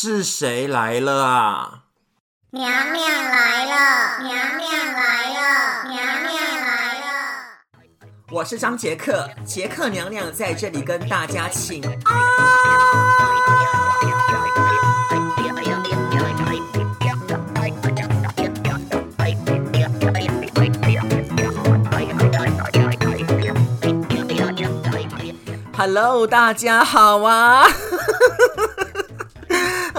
是誰來了啊？娘娘來了，娘娘來了，娘娘來了。我是張傑克，傑克娘娘在這裡跟大家請安。 Hello，大家好啊。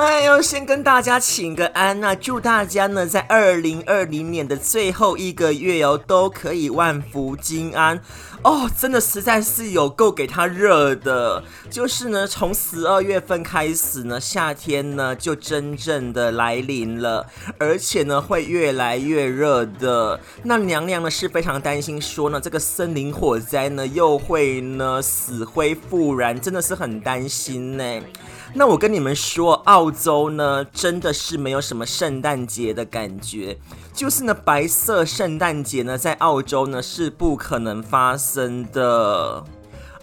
哎呦，先跟大家請個安吶、啊，祝大家呢在二零二零年的最後一個月哦，都可以萬福金安哦！真的實在是有夠給他熱的，就是呢，從十二月份開始呢，夏天呢就真正的來臨了，而且呢會越來越熱的。那娘娘呢是非常擔心說呢，這個森林火災呢又會呢死灰復燃，真的是很擔心呢、欸。那我跟你們說，澳洲呢，真的是沒有什麼聖誕節的感覺。就是呢，白色聖誕節呢，在澳洲呢是不可能發生的。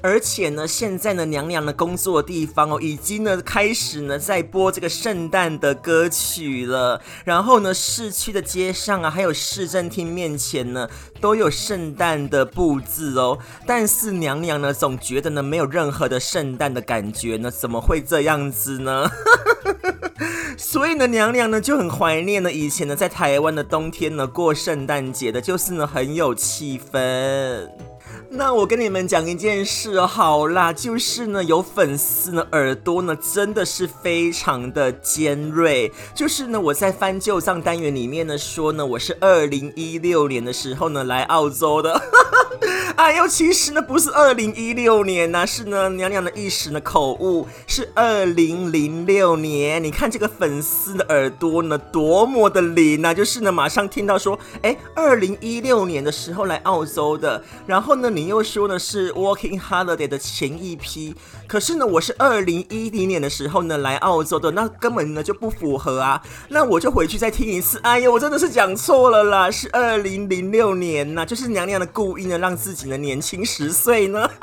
而且呢，現在呢，娘娘的工作的地方哦，已經呢開始呢在播這個聖誕的歌曲了。然後呢，市區的街上啊，還有市政廳面前呢，都有聖誕的布置哦。但是娘娘呢，總覺得呢沒有任何的聖誕的感覺呢，怎麼會這樣子呢？ 所以呢，娘娘呢就很懷念呢，以前呢在台灣的冬天呢過聖誕節的，就是呢很有氣氛。那我跟你們講一件事，好啦，就是呢，有粉絲呢耳朵呢真的是非常的尖銳，就是呢，我在翻舊賬單元裡面呢說呢，我是二零一六年的時候呢來澳洲的， 哎呦，其實呢不是二零一六年那、啊、是呢娘娘的一時呢口誤，是二零零六年。你看這個粉絲的耳朵呢多麼的靈啊，就是呢馬上聽到說，哎，二零一六年的時候來澳洲的，然後呢。你又說的是《Working Holiday》的前一批，可是呢，我是二零一零年的時候呢來澳洲的，那根本呢就不符合啊。那我就回去再聽一次。哎呦，我真的是講錯了啦，是二零零六年吶，啊，就是娘娘的故意呢，讓自己呢年輕十歲呢。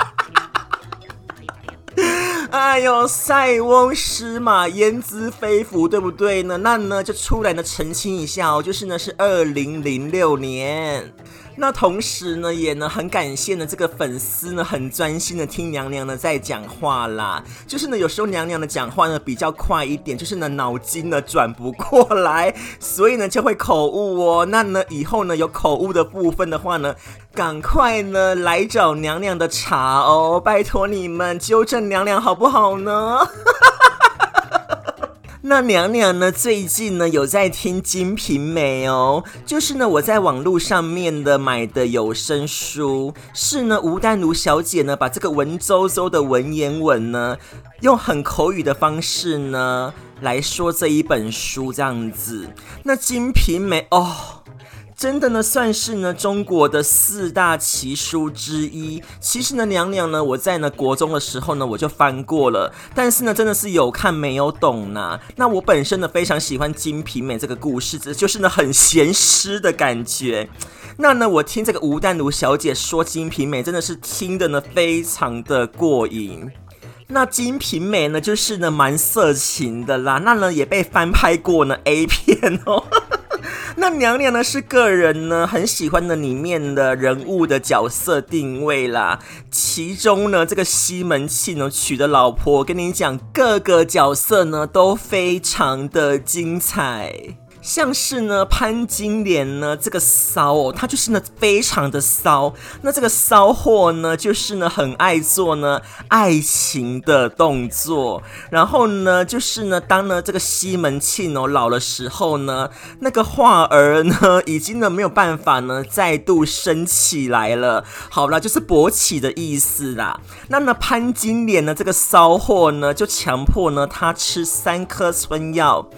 哎呦，塞翁失馬焉知非福，對不對呢？那呢就出來呢澄清一下哦，就是呢是二零零六年。那同時呢，也呢很感謝呢這個粉絲呢，很專心的聽娘娘呢在講話啦。就是呢，有時候娘娘的講話呢比較快一點，就是呢腦筋呢轉不過來，所以呢就會口誤哦。那呢以後呢有口誤的部分的話呢，趕快呢來找娘娘的茬哦，拜托你們糾正娘娘好不好呢？ 那娘娘呢，最近呢有在聽《金瓶梅》哦，就是呢我在網絡上面的買的有聲書，是呢吳淡如小姐呢把這個文縐縐的文言文呢，用很口語的方式呢來說這一本書這樣子。那《金瓶梅》哦。真的呢，算是呢中國的四大奇書之一。其實呢，娘娘呢，我在呢國中的時候呢，我就翻過了。但是呢，真的是有看沒有懂吶、啊。那我本身呢，非常喜歡《金瓶梅》這個故事，這就是呢很鹹濕的感覺。那呢，我聽這個吳淡如小姐說《金瓶梅》，真的是聽得呢非常的過癮。那《金瓶梅》呢，就是呢蠻色情的啦。那呢，也被翻拍過呢 A 片哦。那娘娘呢是個人呢，很喜歡的裡面的人物的角色定位啦。其中呢，這個西門慶呢娶的老婆，我跟你講，各個角色呢都非常的精彩。像是呢，潘金蓮呢，這個騷哦，她，就是呢，非常的騷。那這個騷貨呢，就是呢，很愛做呢愛情的動作。然後呢，就是呢，當呢這個西門慶哦老了時候呢，那個話兒呢，已經呢沒有辦法呢再度升起來了。好了，就是勃起的意思啦。那呢，潘金蓮呢，這個騷貨呢，就強迫呢她吃三顆春藥。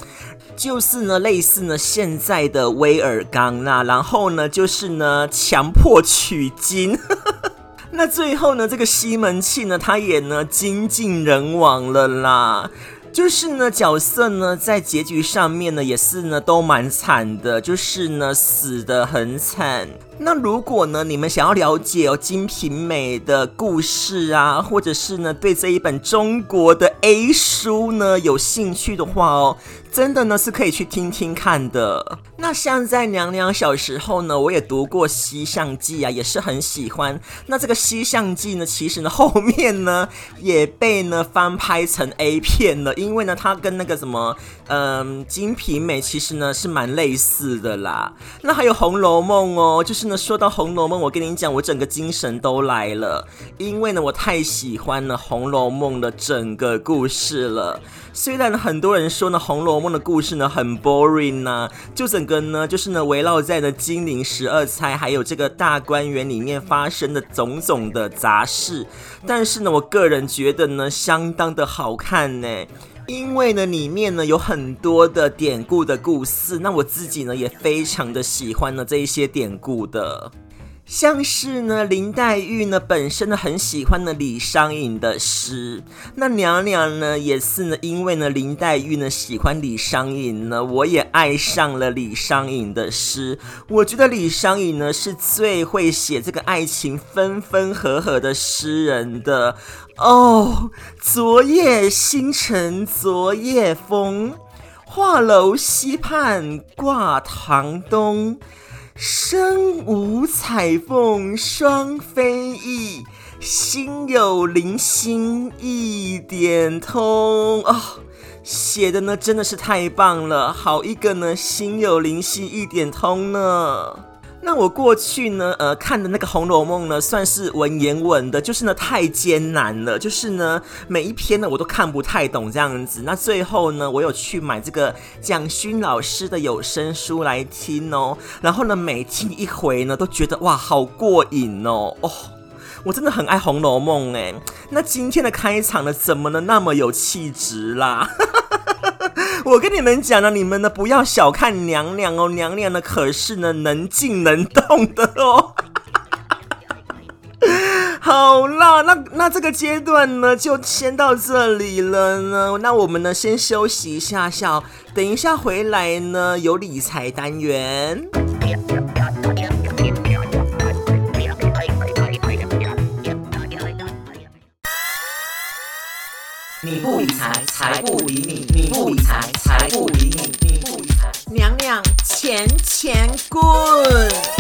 就是呢，類似呢現在的威爾剛那，然後呢，就是呢強迫取經， 那最後呢，這個西門慶呢，他也呢精盡人亡了啦。就是呢，角色呢在結局上面呢也是呢都蠻慘的，就是呢死得很慘。那如果呢，你們想要了解哦《金瓶梅》的故事啊，或者是呢對這一本中國的 A 書呢有興趣的話哦，真的呢是可以去聽聽看的。那像在娘娘小時候呢，我也讀過《西廂記》啊，也是很喜歡。那這個《西廂記》呢，其實呢後面呢也被呢翻拍成 A 片了，因為呢它跟那個什麼嗯《金瓶梅》其實呢是蠻類似的啦。那還有《紅樓夢》哦，就是。那說到《紅樓夢》，我跟你講，我整個精神都來了，因為呢，我太喜歡呢《紅樓夢》的整個故事了。雖然呢很多人說呢，《紅樓夢》的故事呢很 boring 呢、啊，就整個呢就是呢圍繞在呢金陵十二釵還有這個大觀園裡面發生的種種的雜事，但是呢，我個人覺得呢相當的好看呢。因為呢，裡面呢有很多的典故的故事，那我自己呢也非常的喜歡呢這一些典故的。像是呢，林黛玉呢本身呢很喜歡呢李商隱的詩，那娘娘呢也是呢，因為呢林黛玉呢喜歡李商隱呢，我也愛上了李商隱的詩。我覺得李商隱呢是最會寫這個愛情分分合合的詩人的哦。昨夜星辰昨夜風，畫樓西畔桂堂東。身無彩鳳雙飛翼，心有靈犀一點通哦，寫的呢，真的是太棒了，好一個呢，心有靈犀一點通呢。那我過去呢，呃，看的那個《紅樓夢》呢，算是文言文的，就是呢太艱難了，就是呢每一篇呢我都看不太懂這樣子。那最後呢，我有去買這個蔣勳老師的有聲書來聽哦，然後呢每聽一回呢都覺得哇好過癮哦，哦，我真的很愛《紅樓夢》欸。那今天的開場呢，怎麼能那麼有氣質啦？ 我跟你們講呢，你們呢不要小看娘娘哦，娘娘呢可是呢能靜能動的哦。 好啦，那那這個階段呢就先到這裡了呢，那我們呢先休息一下下，等一下回來呢有理財單元。你不理財，財不理你；你不理財，財不理你；你不理財，娘娘錢錢棍。前前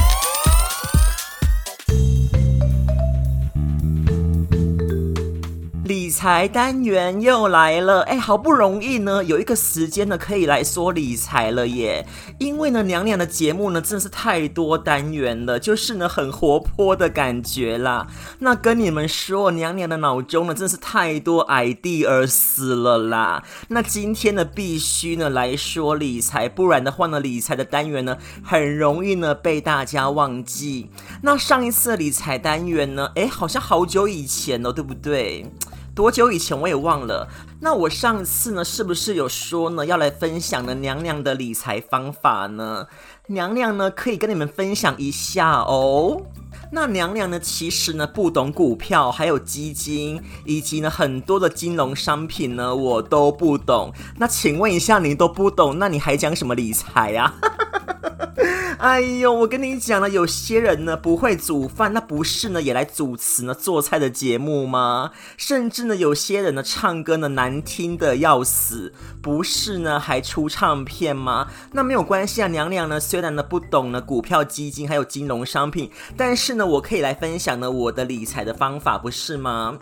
理財單元又來了，哎、欸，好不容易呢，有一個時間呢，可以來說理財了耶。因為呢，娘娘的節目呢，真是太多單元了，就是呢，很活潑的感覺啦。那跟你們說，娘娘的腦中呢，真是太多 idea 而死了啦。那今天呢，必須呢來說理財，不然的話呢，理財的單元呢，很容易呢被大家忘記。那上一次的理財單元呢，哎、欸，好像好久以前了，對不對？多久以前我也忘了。那我上次呢，是不是有說呢要來分享呢娘娘的理財方法呢？娘娘呢可以跟你們分享一下哦。那娘娘呢其實呢不懂股票，還有基金，以及呢很多的金融商品呢我都不懂。那請問一下，你都不懂，那你還講什麼理財啊？ 哎呦，我跟你講了，有些人呢不會煮飯，那不是呢也來主持呢做菜的節目嗎？甚至呢，有些人呢唱歌呢難聽得要死，不是呢還出唱片嗎？那沒有關係啊，娘娘呢雖然呢不懂呢股票基金還有金融商品，但是呢我可以來分享呢我的理財的方法，不是嗎？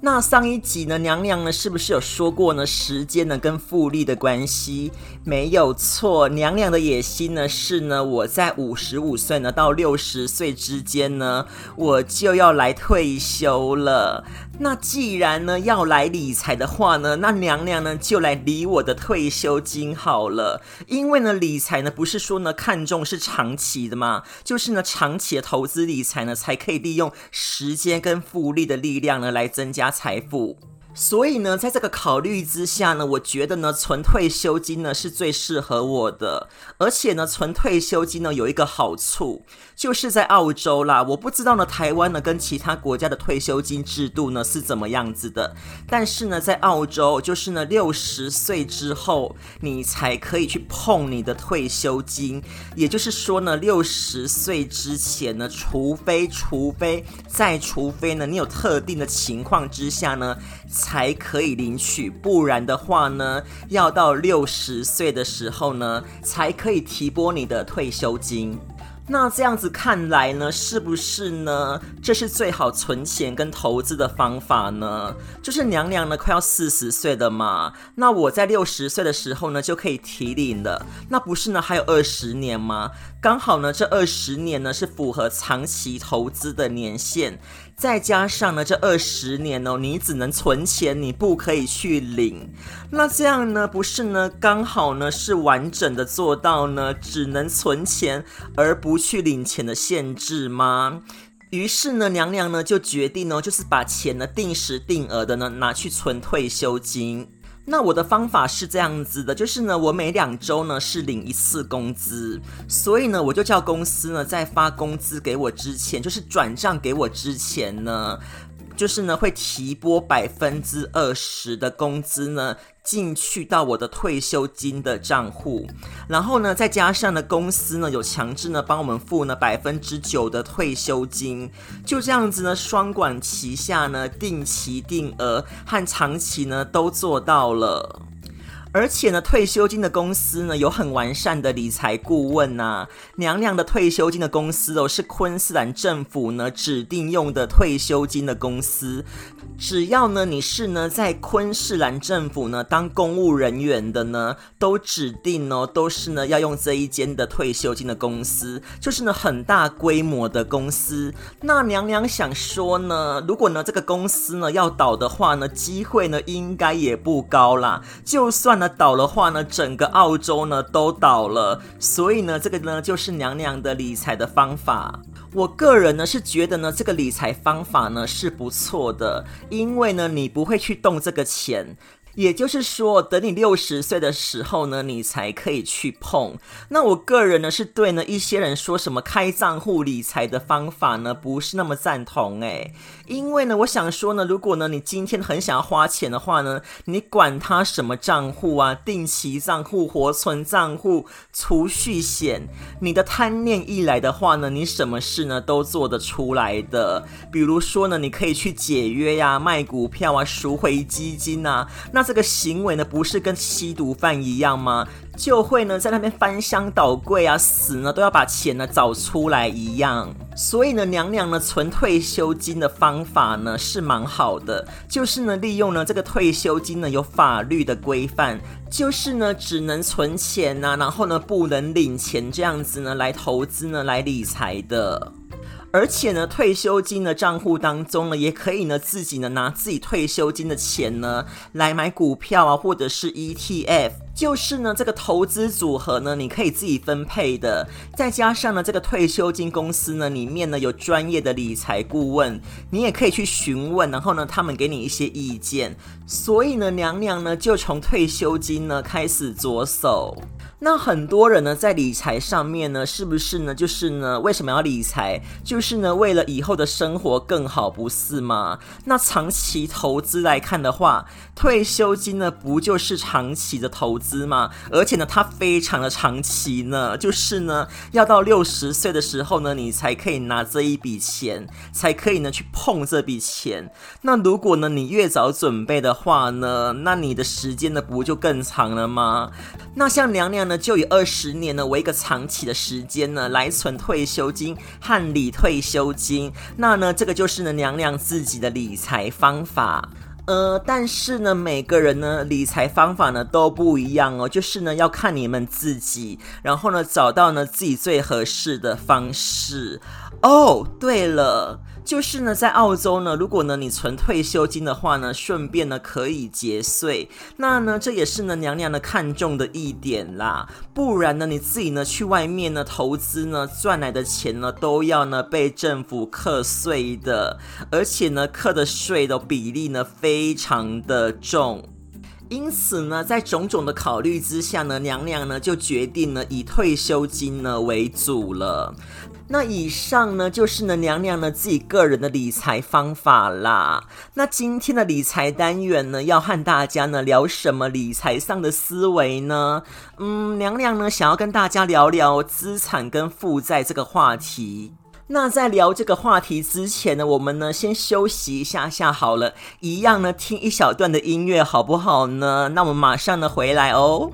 那上一集呢，娘娘呢是不是有說過呢，時間呢跟複利的關係？沒有錯。娘娘的野心呢是呢，我在五十五歲呢到六十歲之間呢，我就要來退休了。那既然呢要來理財的話呢，那娘娘呢就來理我的退休金好了。因為呢理財呢不是說呢看重是長期的嘛，就是呢長期的投資理財呢才可以利用時間跟複利的力量呢來增加財富。所以呢，在這個考慮之下呢，我覺得呢，存退休金呢是最適合我的。而且呢，存退休金呢有一個好處，就是在澳洲啦。我不知道呢，台灣呢跟其他國家的退休金制度呢是怎麼樣子的。但是呢，在澳洲，就是呢，六十歲之後你才可以去碰你的退休金。也就是說呢，六十歲之前呢，除非除非再除非呢，你有特定的情況之下呢。才可以領取，不然的話呢，要到六十歲的時候呢，才可以提撥你的退休金。那這樣子看來呢，是不是呢？這是最好存錢跟投資的方法呢？就是娘娘呢快要四十歲了嘛，那我在六十歲的時候呢就可以提領了，那不是呢還有二十年嗎？剛好呢這二十年呢是符合長期投資的年限。再加上呢，這二十年哦，你只能存錢，你不可以去領。那這樣呢，不是呢，剛好呢是完整的做到呢，只能存錢而不去領錢的限制嗎？於是呢，娘娘呢就決定呢，就是把錢呢定時定額的呢拿去存退休金。那我的方法是這樣子的，就是呢，我每兩周呢是領一次工資，所以呢，我就叫公司呢在發工資給我之前，就是轉賬給我之前呢。就是呢，會提撥百分之二十的工資呢進去到我的退休金的賬戶，然後呢，再加上呢公司呢有強制呢幫我們付呢百分之九的退休金，就這樣子呢雙管齊下呢定期定額和長期呢都做到了。而且呢，退休金的公司呢有很完善的理財顧問吶啊。娘娘的退休金的公司哦，是昆士蘭政府呢指定用的退休金的公司。只要呢你是呢在昆士蘭政府呢當公務人員的呢，都指定哦，都是呢要用這一間的退休金的公司，就是呢很大規模的公司。那娘娘想說呢，如果呢這個公司呢要倒的話呢，機會呢應該也不高啦。就算呢。倒的話呢，整個澳洲呢都倒了，所以呢，這個呢就是娘娘的理財的方法。我個人呢是覺得呢，這個理財方法呢是不錯的，因為呢你不會去動這個錢。也就是說，等你六十歲的時候呢，你才可以去碰。那我個人呢，是對呢一些人說什麼開賬戶理財的方法呢，不是那麼贊同誒、欸，因為呢，我想說呢，如果呢你今天很想要花錢的話呢，你管他什麼賬戶啊，定期賬戶、活存賬戶、儲蓄險，你的貪念一來的話呢，你什麼事呢都做得出來的。比如說呢，你可以去解約呀、啊，賣股票啊，贖回基金啊，那。這個行為呢，不是跟吸毒犯一樣嗎？就會呢在那邊翻箱倒櫃啊，死呢都要把錢呢找出來一樣。所以呢，娘娘呢存退休金的方法呢是蠻好的，就是呢利用呢這個退休金呢有法律的規範，就是呢只能存錢呢，啊，然後呢不能領錢這樣子呢來投資呢來理財的。而且呢，退休金的賬戶當中呢，也可以呢自己呢拿自己退休金的錢呢來買股票啊，或者是 ETF。就是呢，這個投資組合呢，你可以自己分配的。再加上呢，這個退休金公司呢，裡面呢有專業的理財顧問，你也可以去詢問，然後呢，他們給你一些意見。所以呢，娘娘呢就從退休金呢開始着手。那很多人呢在理財上面呢，是不是呢？就是呢，為什麼要理財？就是呢，為了以後的生活更好，不是嗎？那長期投資來看的話，退休金呢，不就是長期的投資？資嘛，而且呢，它非常的長期呢，就是呢，要到六十歲的時候呢，你才可以拿這一筆錢，才可以呢去碰這筆錢。那如果呢，你越早準備的話呢，那你的時間呢，不就更長了嗎？那像娘娘呢，就以二十年呢為一個長期的時間呢，來存退休金和理退休金。那呢，這個就是呢，娘娘自己的理財方法。呃，但是呢，每個人呢理財方法呢都不一樣哦，就是呢要看你們自己，然後呢找到呢自己最合適的方式。哦，對了。就是呢，在澳洲呢，如果呢你存退休金的話呢，順便呢可以節稅。那呢，這也是呢娘娘呢看重的一點啦。不然呢，你自己呢去外面呢投資呢賺來的錢呢，都要呢被政府課稅的，而且呢課的稅的比例呢非常的重。因此呢，在種種的考慮之下呢，娘娘呢就決定呢以退休金呢為主了。那以上呢，就是呢娘娘呢自己個人的理財方法啦。那今天的理財單元呢，要和大家呢聊什麼理財上的思維呢？嗯，娘娘呢想要跟大家聊聊資產跟負債這個話題。那在聊這個話題之前呢，我們呢先休息一下下好了，一樣呢聽一小段的音樂好不好呢？那我們馬上呢回來哦。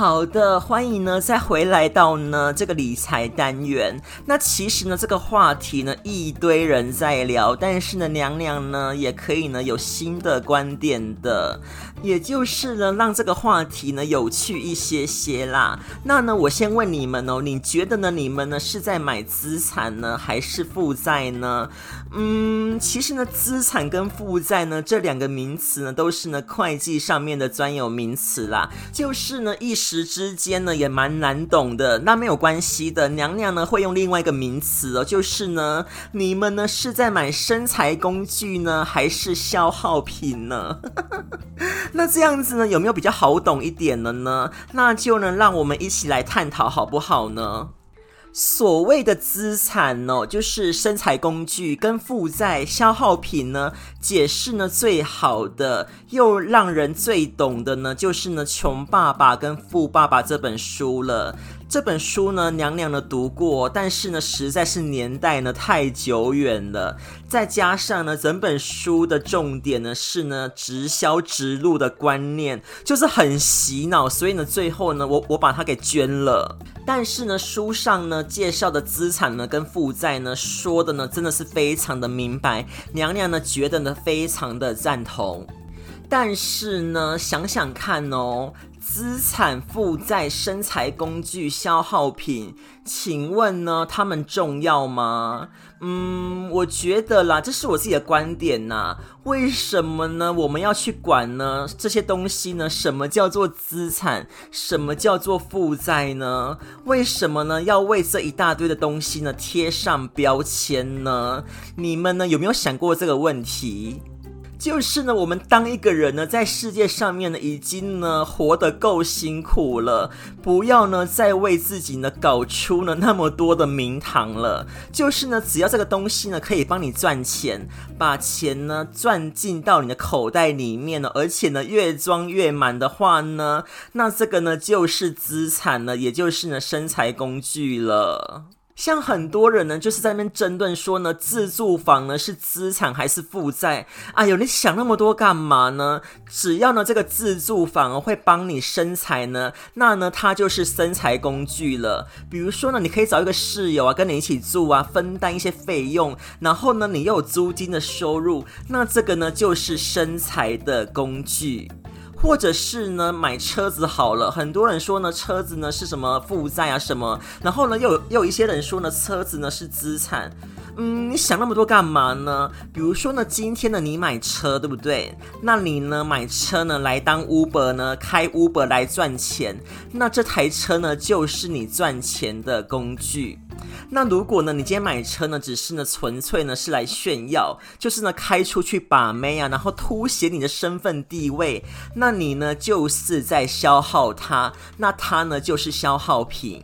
好的，歡迎呢，再回來到呢這個理財單元。那其實呢，這個話題呢，一堆人在聊，但是呢，娘娘呢，也可以呢有新的觀點的。也就是呢，讓這個話題呢有趣一些些啦。那呢，我先問你們哦，你覺得呢？你們呢是在買資產呢，還是負債呢？嗯，其實呢，資產跟負債呢這兩個名詞呢，都是呢會計上面的專有名詞啦。就是呢，一時之間呢也蠻難懂的。那沒有關係的，娘娘呢會用另外一個名詞哦，就是呢，你們呢是在買生財工具呢，還是消耗品呢？ 那這樣子呢，有沒有比較好懂一點的呢？那就能讓我們一起來探討好不好呢？所謂的資產哦，就是生財工具跟負債消耗品呢，解釋呢最好的又讓人最懂的呢，就是呢《窮爸爸跟富爸爸》這本書了。這本書呢，娘娘呢讀過，但是呢，實在是年代呢太久遠了，再加上呢，整本書的重點呢是呢直銷直路的觀念，就是很洗腦，所以呢，最後呢，我我把它給捐了。但是呢，書上呢介紹的資產呢跟負債呢說的呢真的是非常的明白，娘娘呢覺得呢非常的贊同，但是呢，想想看哦。資產負債、生財工具、消耗品，請問呢，他們重要嗎？嗯，我覺得啦，這是我自己的觀點吶。為什麼呢，我們要去管呢，這些東西呢？什麼叫做資產？什麼叫做負債呢？為什麼呢，要為這一大堆的東西呢貼上標籤呢？你們呢，有沒有想過這個問題？就是呢，我們當一個人呢，在世界上面呢，已經呢活得夠辛苦了，不要呢再為自己呢搞出了那麼多的名堂了。就是呢，只要這個東西呢可以幫你賺錢，把錢呢賺進到你的口袋裡面呢，而且呢越裝越滿的話呢，那這個呢就是資產呢，也就是呢生財工具了。像很多人呢，就是在那邊爭論說呢，自住房呢是資產還是負債？哎呦，你想那麼多幹嘛呢？只要呢這個自住房、哦、會幫你生財呢，那呢它就是生財工具了。比如說呢，你可以找一個室友啊，跟你一起住啊，分擔一些費用，然後呢你又有租金的收入，那這個呢就是生財的工具。或者是呢，買車子好了。很多人說呢，車子呢是什麼負債啊什麼？然後呢，又有又有一些人說呢，車子呢是資產。嗯，你想那麼多幹嘛呢？比如說呢，今天呢，你買車，對不對？那你呢買車呢來當 Uber 呢，開 Uber 來賺錢，那這台車呢就是你賺錢的工具。那如果呢，你今天買車呢，只是呢純粹呢是來炫耀，就是呢開出去把妹啊，然後凸顯你的身份地位，那你呢就是在消耗它，那它呢就是消耗品。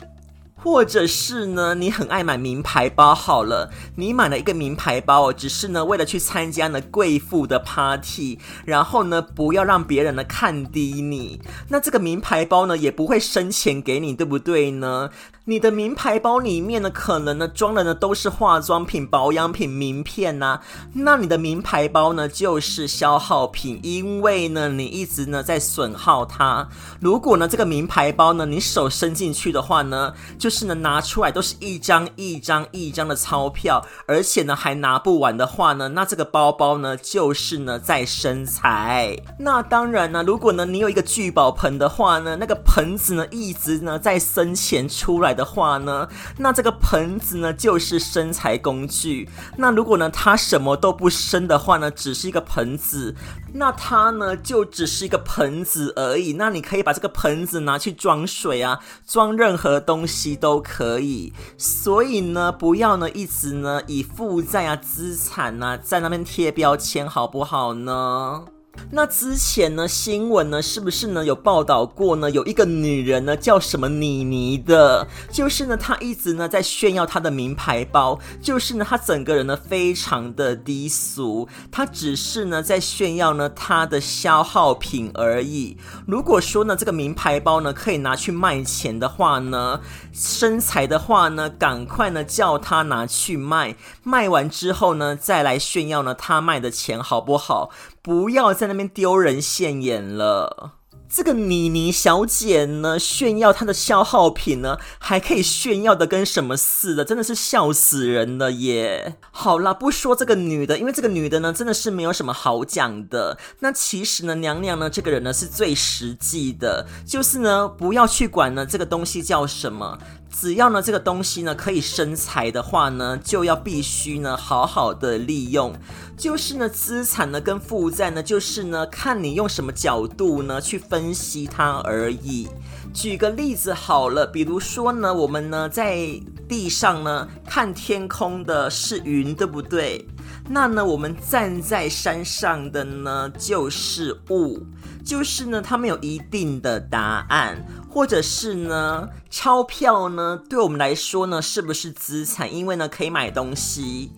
或者是呢，你很愛買名牌包，好了，你買了一個名牌包，只是呢為了去參加呢貴婦的 party，然後呢不要讓別人呢看低你，那這個名牌包呢也不會生錢給你，對不對呢？你的名牌包裡面呢，可能呢裝的呢都是化妝品、保養品、名片吶、啊。那你的名牌包呢就是消耗品，因為呢你一直呢在損耗它。如果呢這個名牌包呢你手伸進去的話呢，就是呢拿出來都是一張，一張一張一張的鈔票，而且呢還拿不完的話呢，那這個包包呢就是呢在生財。那當然呢，如果呢你有一個聚寶盆的話呢，那個盆子呢一直呢在生錢出來。的話呢，那這個盆子呢就是生財工具。那如果呢它什麼都不生的話呢，只是一個盆子，那它呢就只是一個盆子而已。那你可以把這個盆子拿去裝水啊，裝任何東西都可以。所以呢，不要呢一直呢以負債啊、資產啊在那邊貼標籤，好不好呢？那之前呢，新聞呢，是不是呢有報道過呢？有一個女人呢，叫什麼妮妮的，就是呢，她一直呢在炫耀她的名牌包，就是呢，她整個人呢非常的低俗，她只是呢在炫耀呢她的消耗品而已。如果說呢這個名牌包呢可以拿去賣錢的話呢，身材的話呢，趕快呢叫她拿去賣，賣完之後呢再來炫耀呢她賣的錢好不好？不要在那邊丟人現眼了。這個妮妮小姐呢，炫耀她的消耗品呢，還可以炫耀的跟什麼似的，真的是笑死人了耶！好啦，不說這個女的，因為這個女的呢，真的是沒有什麼好講的。那其實呢，娘娘呢，這個人呢，是最實際的，就是呢，不要去管呢這個東西叫什麼，只要呢這個東西呢可以生財的話呢，就要必須呢好好的利用。就是呢，資產呢跟負債呢，就是呢看你用什麼角度呢去分析它而已。舉個例子好了，比如說呢，我們呢在地上呢看天空的是雲，對不對？那呢我們站在山上的呢就是霧，就是呢它沒有一定的答案。或者是呢鈔票呢對我們來說呢是不是資產？因為呢可以買東西。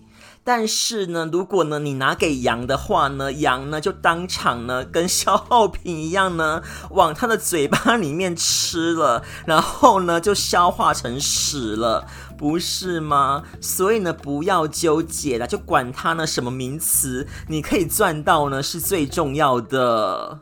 但是呢，如果呢你拿給羊的話呢，羊呢就當場呢跟消耗品一樣呢，往它的嘴巴裡面吃了，然後呢就消化成屎了，不是嗎？所以呢不要糾結了，就管它呢什麼名詞，你可以賺到呢是最重要的。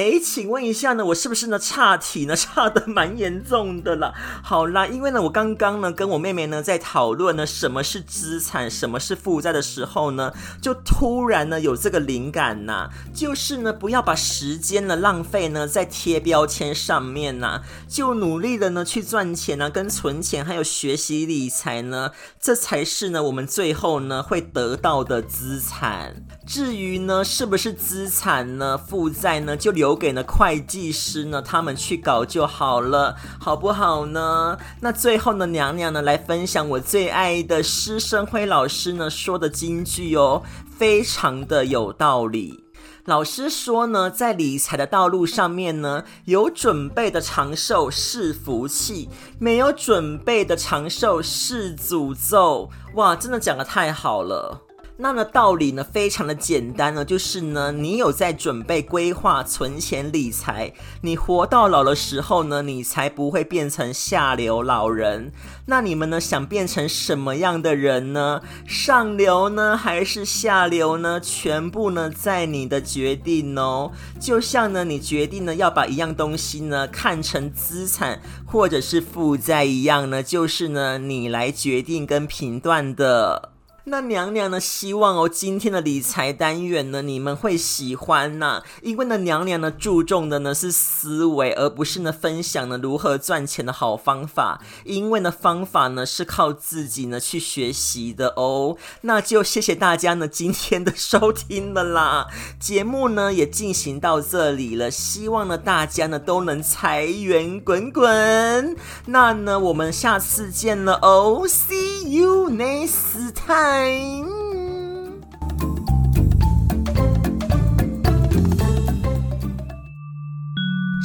誒，請問一下呢，我是不是呢岔題呢岔得蠻嚴重的啦？好啦，因為呢，我剛剛呢跟我妹妹呢在討論呢什麼是資產，什麼是負債的時候呢，就突然呢有這個靈感吶，就是呢不要把時間呢浪費呢在貼標籤上面吶，就努力的呢去賺錢吶，跟存錢，還有學習理財呢，這才是呢我們最後呢會得到的資產。至於呢是不是資產呢，負債呢就留。留給呢會計師呢他們去搞就好了，好不好呢？那最後呢娘娘呢來分享我最愛的施昇輝老師呢說的金句哦，非常的有道理。老師說呢，在理財的道路上面呢，有準備的長壽是福氣，沒有準備的長壽是詛咒。哇，真的講得太好了。那的道理呢，非常的簡單呢，就是呢，你有在準備、規劃、存錢、理財，你活到老的時候呢，你才不會變成下流老人。那你們呢，想變成什麼樣的人呢？上流呢，還是下流呢？全部呢，在你的決定哦。就像呢，你決定呢要把一樣東西呢看成資產，或者是負債一樣呢，就是呢，你來決定跟評斷的。那娘娘呢，希望哦，今天的理財單元呢，你們會喜歡吶、啊。因為呢，娘娘呢注重的呢是思維，而不是呢分享呢如何賺錢的好方法。因為呢，方法呢是靠自己呢去學習的哦。那就謝謝大家呢今天的收聽了啦。節目呢也進行到這裡了，希望呢大家呢都能財源滾滾。那呢，我們下次見了哦。See you next time.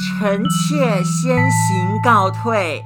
臣妾先行告退。